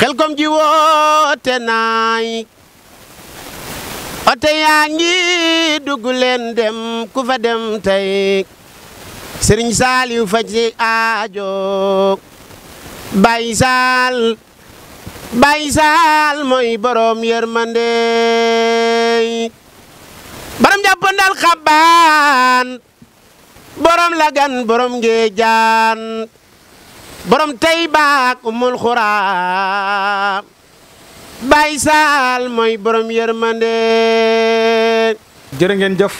xelkom ji woote naay ote yaa ngi dugg leen dem ku fa dem tey sëriñ saaliw fa ci aajo bay saal bay saal mooy borom yërmande borom jàppandal xabaan borom lagan borom ngeejaan borom tey baak umul xuraa Baye Sall mooy borom yërmande. jërë ngeen jëf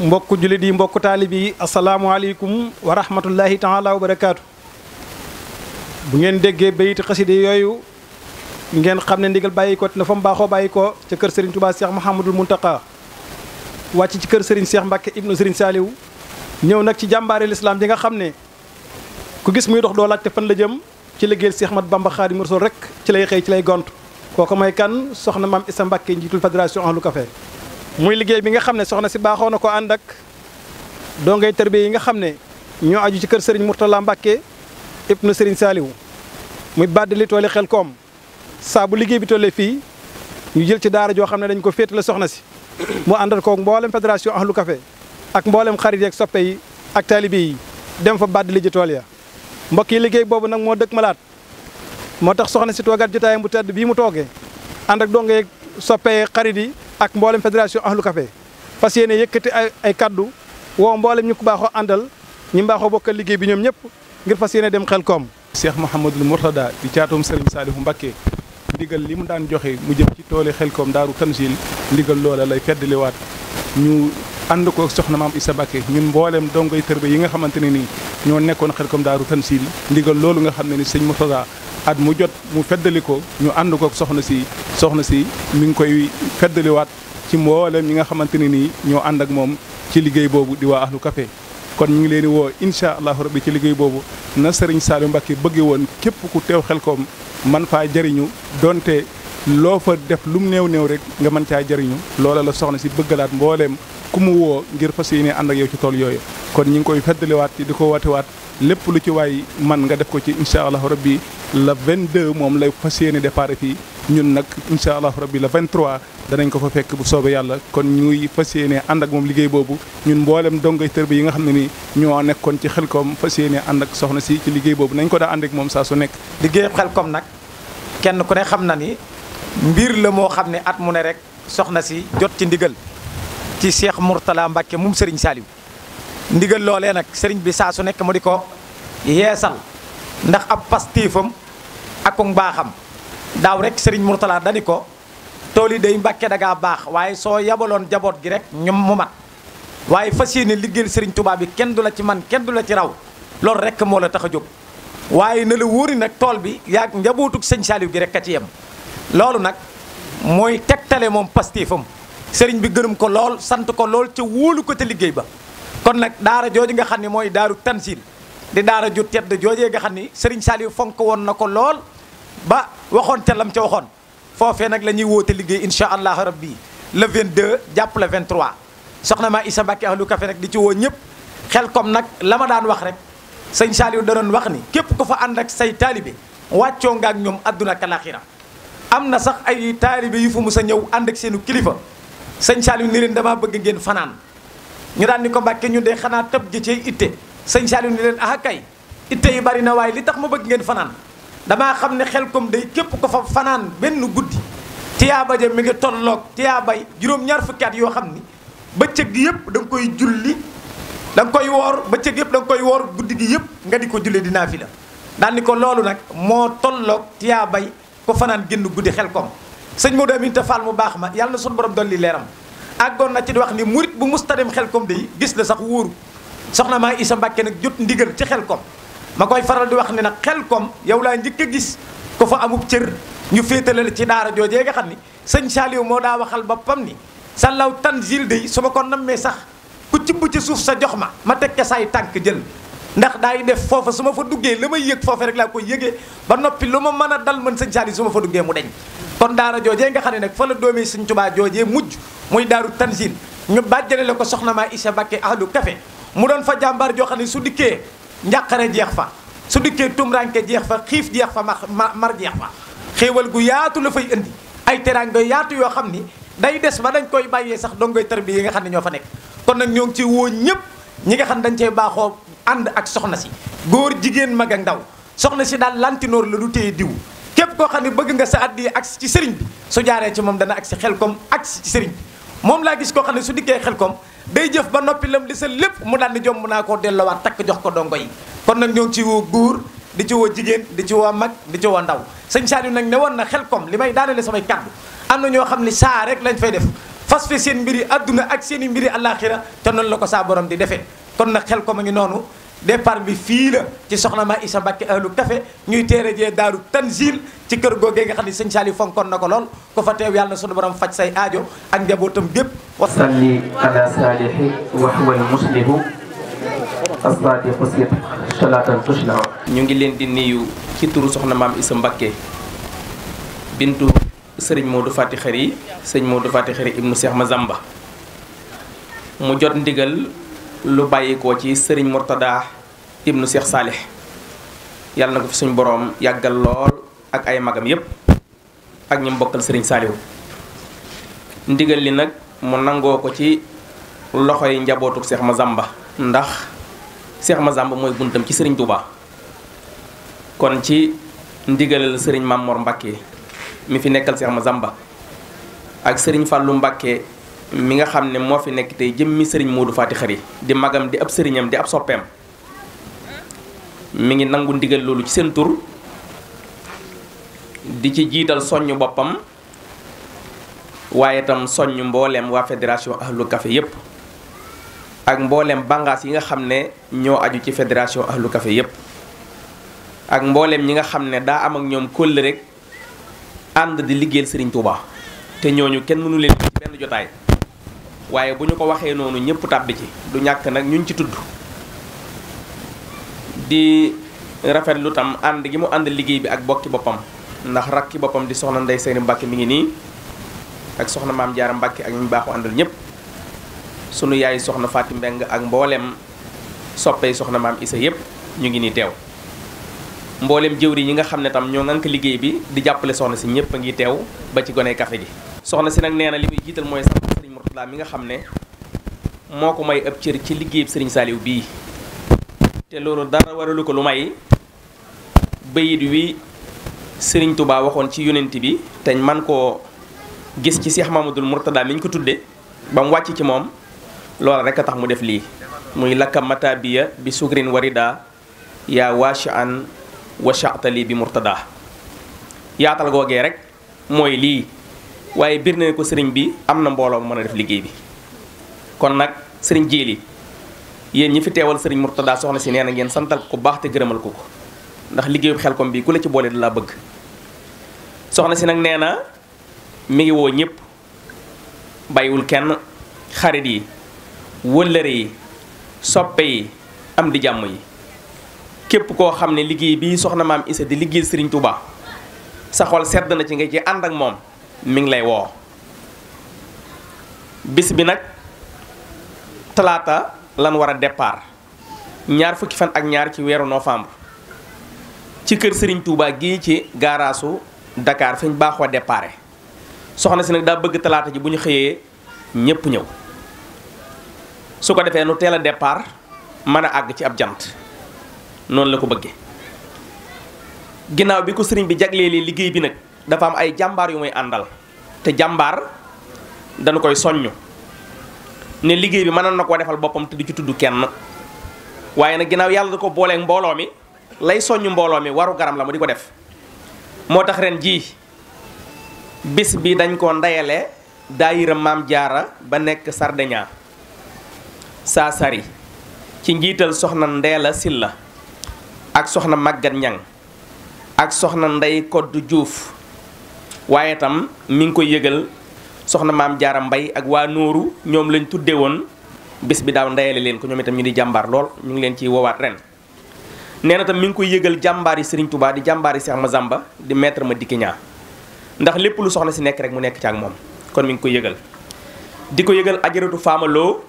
mbokku jullit yi mbokku taalib yi asalaamualeykum wa rahmatullahi taala wa barakaatu. bu ngeen déggee bayit xaside yooyu ngeen xam ne ndigal bàyyi ko te na fa mu baaxoo bàyyi ko ca kër Serigne Touba Cheikh Mouhamadul Mountakha wàcc ci kër sëriñ Cheikh Mbacke ibnu Serigne Saliou ñëw nag ci jàmbaare lislaam ji nga xam ne. ku gis muy dox do laacte fan la jëm ci liggéeyal cheikh Ahmad Bamba khadim Rasuul rek ci lay xëy ci lay gont koko may kan soxna mam Issa Mbàkke njitul fédération en lu Café muy liggéey bi nga xamne soxna ci baxono ko andak do ngay terbe yi nga xamne ño aju ci kër Serigne murtala Mbàkke ibnu Serigne saliw muy bàddali tooli xel kom sa bu liggéey bi tolé fi ñu jël ci daara jo xamne dañ ko féetale soxna ci mu àndal ko mboolem fédération Ahlu Café ak mboolem xarit yeeg soppe yi ak talibi yi dem fa bàddali ji tool ya mbokk yi liggéey boobu mo moo malat malaat moo soxna ci toogaat jotaay bu tedd bi mu toge and ak dongee soppee xarit yi ak mboolem fédération ahlu café fas yéene ay kaddu wo mboolem ñu ko andal àndal ñu baaxoo bokkal liggéey bi ñom ñëpp ngir fas yéene dem xel kom Cheikh Mouhamadul murtada di chatum Serigne Saliou Mbacké ndigal limu daan joxe mu jëm ci tooli xel kom daru tanjil ndigal loola lay ñu and ko soxna mam isa Mbacké ñun mboolem dongay terbe yi nga xamanteni ni ñoo nekkoon Xelkom Daaru Tansil ndigal loolu nga xam ne ni sëñ Mourtada at mu jot mu feddali ko ñu ànd ko soxna si soxna si mu ngi koy feddaliwaat ci mboolem ñi nga xamante ne nii ñoo ànd ak moom ci liggéey boobu di waa ahlu café kon ñu ngi leen di woo incha allahu rabbi ci liggéey boobu na sëriñ Saliou Mbacké bëgge woon képp ku teew Xelkom man faa jariñu donte loo fa def lu mu néew néew rek nga mën caa jariñu loola la soxna si bëggalaat mbooleem ku mu woo ngir fas yéene ànd ak yow ci tool yooyu kon ñu ngi koy feddaliwaat ci di ko waat lépp lu ci waay man nga def ko ci incha allahu rabbi la vingt 22 moom lay fas yéene départ fii ñun nag incha allahu rabbi la 23 danañ ko fa fekk bu soobee yàlla kon ñuy fas yéene ànd ak moom liggéey boobu ñun mboolem dongay tër bi yi nga xam ne ni ñoo nekkoon ci xelkom fas yéene ànd ak soxna si ci liggéey boobu nañ ko daa ànd ak moom saa su nekk. liggéeyam xelkom nag kenn ku ne xam na ni mbir la moo xam ne at mu ne rek soxna si jot ci ndigal ci Cheikh Mourtala Mbacke moom Serigne Saliou. ndigal lolé nak sëriñ bi sa su nek mo di ko yeesal ndax ab pastifam ak baxam daw rek sëriñ murtala dani ko tool day mbacké daga bax waye so yabaloon jabot gi rek ñum mu mat waye fasiyene yéene sëriñ Touba bi kenn dula ci man kenn dula ci raw lool rek mo la taxajuk waye na la wuri nak tol bi yaag njabotuk sëñ saliw gi rek ka ci loolu nak moy mom pastifam sëriñ bi gëreum ko lool sant ko lool ci wuluko te ba kon nag daara jooju nga xam ne mooy daaru tansil di daara ju tedd joojee nga xam ni Serigne Saliou fonk woon na ko lool ba waxoon ca lam ca waxoon foofee nag la ñuy woote liggéey incha allah rabbi le 22 jàpp le 23 soxna ma Issa Mbacke ahlu kafe nag di ci ñëpp xel kom nag la ma daan wax rek sëñ Saliou da doon wax ni képp ku fa ànd ak say taalibe wàccoo nga ak ñoom adduna kalaaxira am na sax ay taalibe yu fa mu sa ñëw ànd ak seenu kilifa sëñ Saliou ni leen damaa bëgg ngeen fanaan. ñu daan ni ko mbàkke ñu de xanaa tëb ji ci itte sëñ Saliou ni leen ah kay itte yi bari na waaye li tax ma bëgg ngeen fanaan damaa xam ne xel kom day képp ko fa fanaan benn guddi tiyaaba ja mi ngi tolloog tiyaabay juróom-ñaar fukki at yoo xam ni bëccëg gi yëpp da koy julli da nga koy woor bëccëg yëpp da nga koy woor guddi gi yëpp nga di ko julli dinaa fi la daal ni ko loolu nag moo tolloog tiyaabay ko fanaan génn guddi xel kom sëñ Modou Aminta faal mu baax ma yàlla na sunu borom dolli leeram àggoon na ci di wax ni murit bu musta dem xel koom day gis la sax wóoru soxna maa isa mbàkke nag jot ndigal ci xel kom ma koy faral di wax ne nag xel koom yow laa njëkk a gis ko fa amub cër ñu la ci daara joojee nga xam ni sëñ Saliou moo daa waxal ba boppam ni tan tanzil day su ma ko nammee sax ku cibb ci suuf sa jox ma ma teg ke saay tànk jël ndax daay def foofa su ma fa duggee la may yëg foofu rek laa koy yëgee ba noppi lu ma mën a dal man sëñ Saliou su ma fa duggee mu deñ kon daara joojee nga xam ne nag fa la doomi Sëñ Tuubaa joojee mujj muy daaru tanzil ñu bàjjale la ko soxna maa Bakke ahlu kafe mu doon fa jàmbaar joo xam ne su dikkee njàqare jeex fa su dikkee tumranke jeex fa xiif jeex fa ma mar jeex fa xéewal gu yaatu la fay indi ay teraanga yaatu yoo xam ni day des ba dañ koy bàyyee sax dongoy tarbi yi nga xam ne ñoo fa nekk kon nag ñoo ngi ci woo ñëpp ñi nga xam dañ cee baaxoo ànd ak soxna si góor jigéen mag ak ndaw soxna si daal lantinoor la du téye diw képp koo xam ne bëgg nga sa addi agsi ci sëriñ bi su jaaree ci moom dana agsi xelkom agsi ci sëriñ bi moom laa gis koo xam ne su dikkee koom day jëf ba noppi lam li sa lépp mu daal di jomb naa koo delloowaat takk jox ko dongo yi kon nag ñoo ngi góor di woo jigéen di ci woo mag di ci ndaw sëñ Saliou nag ne woon na xelkom li may daanale samay kàddu am na ñoo xam ne saa rek lañ fay def fas fi seen mbiri adduna ak seen i mbiri àllaaxira te noonu la ko saa borom di defee kon nag xelkom a ngi noonu départ bi fi la ci soxna ma isa Mbàkke euh, ahlu kafe ñuy téré jé daru tanzil ci kër goge nga xamni ne sëñ fonkon nako lol ko fa teew yalla sunu borom fajj say aajo ak njabootam gépp wasalli ala salihi wa al muslimu asadiqu sit salatan tuslaa ñu ngi leen di nuyu ci turu soxna maam isa mbacke bintu serigne Modou Fati khari serigne Modou Fati khari ibnu Cheikh Mazamba mu jot ndigal lu bàyyikoo ci serigne Murtada ibnu Cheikh salih yalla nako fi suñu borom yagal lol ak ay magam yep ak ñi mbokkal serigne salih ndigal li nak mu nango ko ci loxoy njabotuk Cheikh Mazamba ndax Cheikh Mazamba moy buntam ci serigne Touba kon ci ndigalal serigne Mamor mbake, mi fi nekkal Cheikh Mazamba ak serigne Fàllu Mbakke mi nga xam ne moo fi nekk tey jëmmi sëriñ moo du Faty xari di magam di ab sëriñam di ab soppeem mi ngi nangu ndigal loolu ci seen tur di ci jiital soññ boppam waaye itam soññ mbooleem waa fédération ahlu café yépp ak mbooleem bangaas yi nga xam ne ñoo aju ci fédération ahlu café yépp ak mbooleem ñi nga xam ne daa am ak ñoom kóllëre rek ànd di liggéeyal sëriñ Touba te ñooñu kenn mënu leen benn jotaay waaye bu ñu ko waxee noonu ñëpp tàbbi ci du ñàkk nag ñun ci tudd di rafet lu tam ànd gi mu ànd liggéey bi ak bokki boppam ndax rakki boppam di soxna Ndey Seyni Mbàkke mi ngi nii ak soxna maam Jaara Mbàkke ak ñu baaxu àndal ñëpp sunu yaay soxna Faati Mbeng ak mbooleem soppey soxna maam Isa yëpp ñu ngi nii teew mboolem jëwri ñi nga xam ne tam ñoo ngànk liggéey bi di jàppale soxna si ñëpp a ngi teew ba ci gone café gi soxna si nag nee na li muy jiital mooy Ba mi nga xam ne moo ko may ab cër ci liggéeyub sëriñ saaliw bii te loolu dara waralu ko lu may bayit wi sëriñ tubaa waxoon ci yonent bi te man koo gis ci Cheikh Mamadou Mourtada mi ñu ko tudde ba mu wàcc ci moom loola rek a tax mu def lii muy lakka matabiya bi sugrin warida yaa waashi an washatali bi Mourtada yaatal googee rek mooy lii waaye bir na ko sëriñ bi am na mbooloo mën a def liggéey bi kon nag sëriñ yi yéen ñi fi teewal sëriñ Murtada soxna si nee na ngeen santal ko baax te gërëmal ko ko ndax liggéeyu xelkom bii ku la ci boole da laa bëgg soxna si nag nee na mi ngi woo ñëpp bàyyiwul kenn xarit yi wëllëre yi soppe yi am di jàmm yi képp koo xam ne liggéey bi soxna maam Isa di liggéey sëriñ Touba sa xol sedd na ci nga ci ànd ak moom mi ngi lay woo bis bi nag talaata lan war a départ ñaar fukki fan ak ñaar ci weeru novembre ci kër sëriñ tuuba gii ci gaaraasu dakaar fi ñu baaxoo déparé soxna si nag daa bëgg talaata ji bu ñu xëyee ñépp ñëw su ko defee nu teel a départ mën a àgg ci ab jant noonu la ko bëggee ginnaaw bi ko sëriñ bi jagleelee liggéey bi nag. dafa am ay jambar yu muy te jambar, dan koy soñu ne liggéey bi manan nako defal bopam te du ci tudd kenn waye nag ginaaw yalla da ko ak mbolo mi lay soñu mbolo mi waru garam la mu diko def motax ren ji bis bi dañ ko ndayele daayira mam jaara ba nek sardegna sa sari ci njital soxna ndela silla ak soxna magat ñang ak soxna nday koddu juuf waaye tam mi ngi koy yëgal soxna maam jaara mbay ak waa nooru ñoom lañ tuddee woon bis bi daaw ndeyale leen ko ñoom itam ñu di jàmbaar lool ñu ngi leen ciy woowaat ren nee na tam mi ngi koy yëgal jàmbaar yi Serigne tubaa di jàmbaar yi ma Mazamba di maître ma dikki ñaa ndax lépp lu soxna si nekk rek mu nekk ci ak moom kon mi ngi koy yëgal di ko yëgal ajaratu faamaloo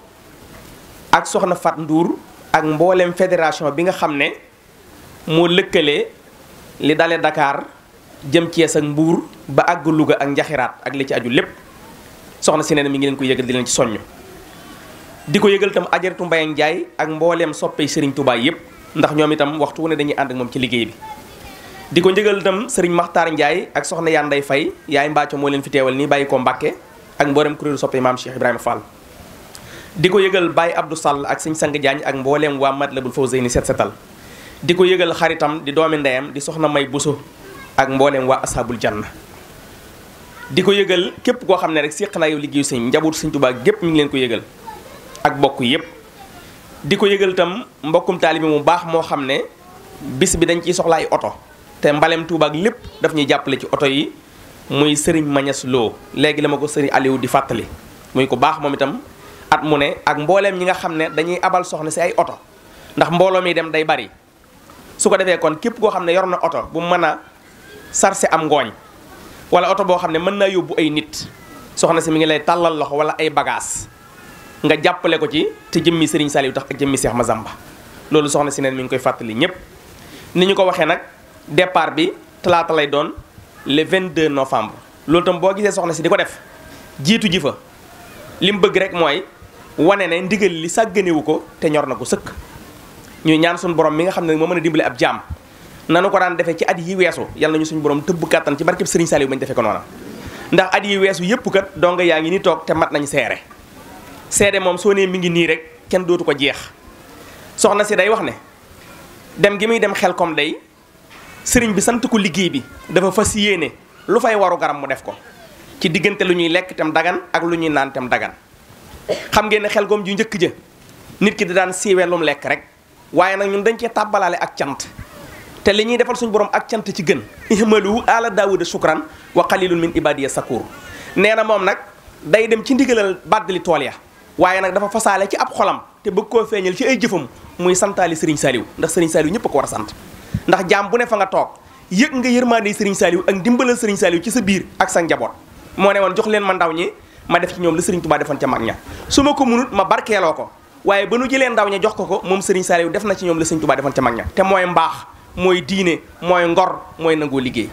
ak soxna Fat nduur ak mbooleem fédération bi nga xam ne moo lëkkale li dalee Dakar jëm Cees ak Mbuur ba àgg Luga ak Njaxiraat ak li ci aju lépp soxna si nee na mi ngi leen koy yëgal di leen ci soññ di ko yëgal tam ajaratu mbay Ndiaye ak mbooleem soppee Serigne tubaay yëpp ndax ñoom itam waxtu ne dañuy ànd ak moom ci liggéey bi di ko njëgal itam Serigne Makhtar Ndiaye ak soxna Yanday fay yaay Mbacco moo leen fi teewal nii bàyyi ko Mbàkke ak mbooleem kuréelu soppey maam Cheikh Ibrahima Fall di ko yëgal Baye Abdou Sall ak Serigne Sang Diagne ak mbooleem waa Matlabul Fawzayni set setal di ko yëgal xaritam di doomi ndeyam di soxna May Bousso ak mbooleem waa asaabul janna di ko yëgal képp koo xam ne rek séq naa yow liggéeyu sëñ njabootu sëñ Tuubaa gépp mi ngi leen ko yëgal ak bokk yépp di ko yëgal itam mbokkum taalibe mu baax moo xam ne bis bi dañ ciy soxla ay oto te mbalem tuubaak ak lépp daf ñuy jàppale ci oto yi muy sëriñ Mañas Lo léegi la ma ko sëriñ Aliou di fàttali muy ko baax moom itam at mu ne ak mbooleem ñi nga xam ne dañuy abal soxna si ay oto ndax mbooloo mi dem day bari su ko defee kon képp koo xam ne yor na oto mën a sarse am ngooñ wala auto bo xamne ne yobbu ay nit soxna ci mi ngi lay talal loxo wala ay bagage nga jappale ko ci te jëmmi Serigne saliw tax ak jëmmi Cheikh mazamba loolu soxna ci neen mi ngi koy fatali ñep ni ñu ko waxe nak départ bi talata lay doon le 22 novembre. loolu tam bo gisee soxna ci diko def jiitu ji lim bëgg rek moy wane né ndigal li sàgganewu wuko te ñor na ko sëkk ñu ñaan suñu borom mi nga xamné ne mëna dimbali ab jamm nanu ko daan defé ci at yi wessu yalla ñu suñu borom teub katan ci barkeb Serigne saliw bañ defé ko nona ndax at yi wessu yépp kat do nga yaangi ni tok té mat nañ séré mom mi ngi ni rek kèn dootu ko jeex soxna si day wax ne dem gi muy dem xel kom day serigne bi sant ko liggéey bi dafa fasiyé né lu fay waru garam mu def ko ci digënté lu ñuy lekk tam dagan ak lu ñuy naan tam dagan xam ngeen xel gom ju ñëk ja nit ki daan rek waye nak ñun dañ ci tabalalé ak cant te li ñuy defal suñu borom ak cant ci gën ihmalu ala daawuda shukran wa qalilun min ibadiya sakur nee na moom nag day dem ci ndigalal bàddali tool ya waaye nag dafa fasaale ci ab xolam te bëgg koo feeñal ci ay jëfam muy santaali Serigne Saliou ndax Serigne Saliou ñëpp a ko war a sant ndax jaam bu ne fa nga toog yëg nga yërmaande Serigne Saliou ak dimbalal Serigne Saliou ci sa biir ak sa njaboot moo ne woon joxleen ma ndaw ñi ma def ci ñoom la Serigne Touba ca mag ña su ma ko munut ma barkeeloo ko waaye ba nu jëlee ndaw ña jox ko ko moom Serigne Saliou def na ci ñoom la Serigne Touba defoon ca mag ña te mooy mbaax mooy diine mooy ngor mooy nangoo liggéey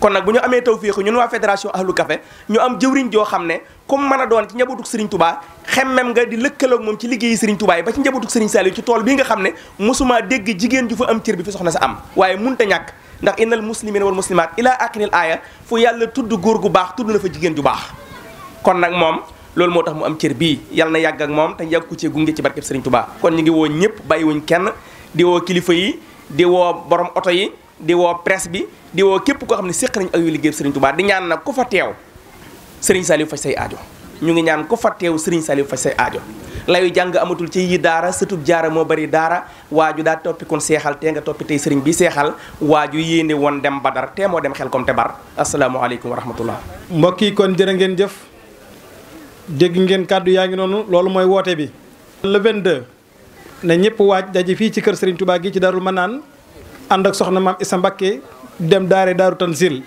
kon nag bu ñu amee tawféexu ñun waa fédération ahlu café ñu am jëwriñ joo xam ne comme mën a doon ci njabootu Serigne Touba xemmem nga di lëkkaloog moom ci liggéeyi Serigne Touba yi ba ci njabootu Serigne Saliou ci tool bi nga xam ne mosuma dégg jigéen ju am cër bi fi soxna sa am waaye munta ñàkk ndax innal muslimina wal muslimat ila aqinil aaya fu yàlla tudd góor gu baax tudd na fa jigéen ju baax kon nag moom loolu moo tax mu am cër bii yàlla na yàgg ak moom te yàgg ku cee gunge ci barkeb Serigne Touba kon ñu ngi woon ñëpp bàyyiwuñ kenn di woo kilifa yi di wo borom auto yi di wo presse bi di wo kep ko xamni sekk séq nañ ayu liggéey Serigne Touba di ñaan na ku fa tew Serigne Saliou fay say aajo ñu ngi ñaan ku fa tew Serigne Saliou fay say aajo layu jang amatul ci yi dara setup jaara mo bari dara waju da topi kon seexal te nga topi tay serigne bi seexal waju yene won dem badar te mo dem xel kom te bar asalaamaaleykum wa rahmatullah mbokki kon jere ngeen jëf deg ngeen kaddu yaangi nonu lolu moy wote bi le 22 ne ñëpp waaj daje fii ci kër Serigne Touba gi ci Darou Manaan ànd ak soxna maam Issa Mbakke dem daare Daaru Tanzil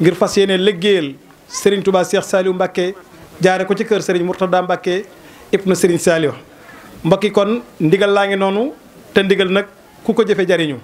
ngir fas yéene liggéeyal Serigne Touba Cheikh Saliou Mbakke jaare ko ci kër Serigne Mourtada Mbakke ibnu Serigne Saliou mbokki kon ndigal laa ngi noonu te ndigal nag ku ko jëfe jariñu